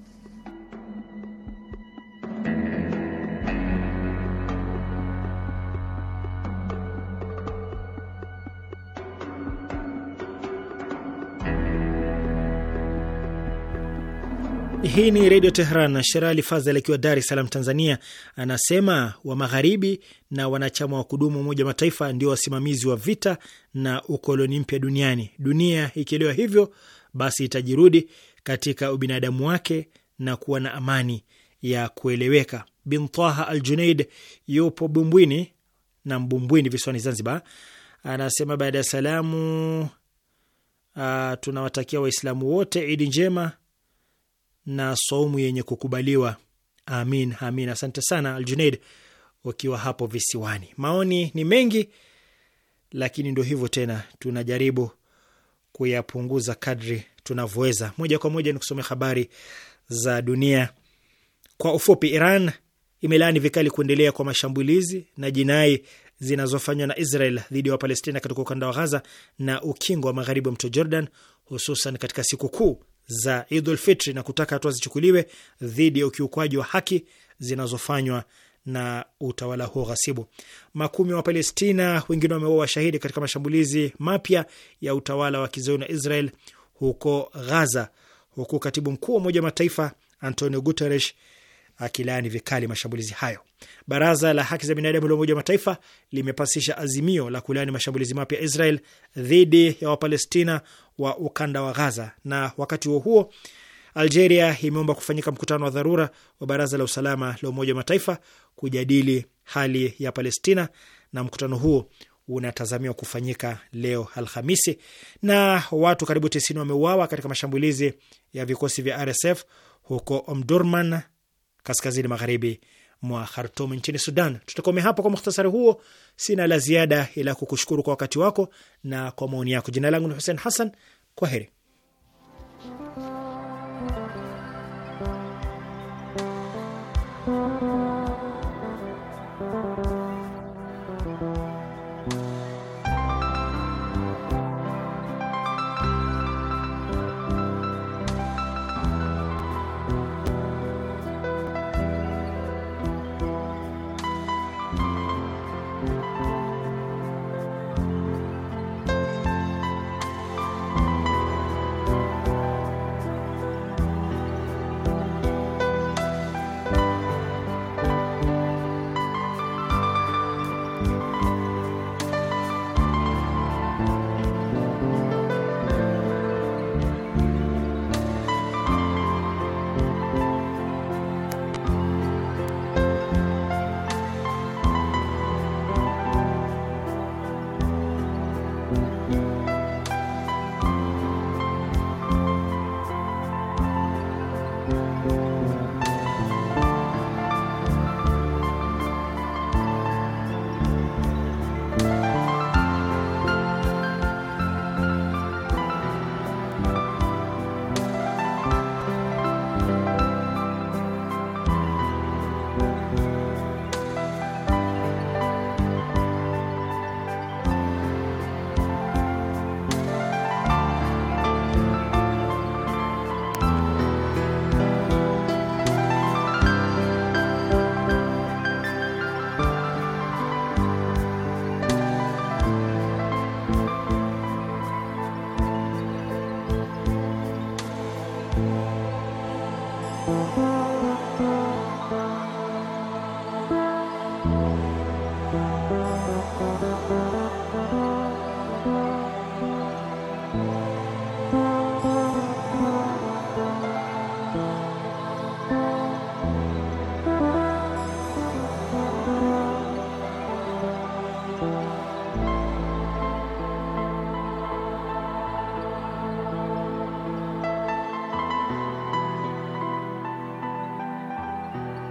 Hii ni Redio Tehran Sherali Fazel akiwa Dar es Salaam, Tanzania, anasema wa magharibi na wanachama wa kudumu wa Umoja Mataifa ndio wasimamizi wa vita na ukoloni mpya duniani. Dunia ikielewa hivyo, basi itajirudi katika ubinadamu wake na kuwa na amani ya kueleweka. Bintaha Al Junaid yupo Bumbwini na Mbumbwini visiwani Zanzibar, anasema baada ya salamu, ah, tunawatakia Waislamu wote idi njema na saumu yenye kukubaliwa. Amin, amin. Asante sana Aljuneid, wakiwa hapo visiwani. Maoni ni mengi, lakini ndo hivyo tena, tunajaribu kuyapunguza kadri tunavyoweza. Moja kwa moja ni kusomea habari za dunia kwa ufupi. Iran imelaani vikali kuendelea kwa mashambulizi na jinai zinazofanywa na Israel dhidi ya Wapalestina katika ukanda wa Ghaza na ukingo wa magharibi wa mto Jordan, hususan katika siku kuu za Idul Fitri na kutaka hatua zichukuliwe dhidi ya ukiukwaji wa haki zinazofanywa na utawala huo ghasibu. Makumi wa Palestina wengine wameua washahidi katika mashambulizi mapya ya utawala wa kizayuni na Israel huko Ghaza, huku katibu mkuu wa Umoja wa Mataifa Antonio Guterres akilaani vikali mashambulizi hayo. Baraza la haki za binadamu la Umoja wa Mataifa limepasisha azimio la kulaani mashambulizi mapya ya Israel dhidi ya Wapalestina wa ukanda wa Gaza, na wakati huo huo Algeria imeomba kufanyika mkutano wa dharura wa Baraza la Usalama la Umoja wa Mataifa kujadili hali ya Palestina, na mkutano huo unatazamiwa kufanyika leo Alhamisi. Na watu karibu tisini wameuawa katika mashambulizi ya vikosi vya RSF huko Omdurman kaskazini magharibi mwa Khartum nchini Sudan. Tutakomea hapo kwa mukhtasari huo. Sina la ziada ila kukushukuru kwa wakati wako na kwa maoni yako. Jina langu ni Hussein Hassan, kwa heri.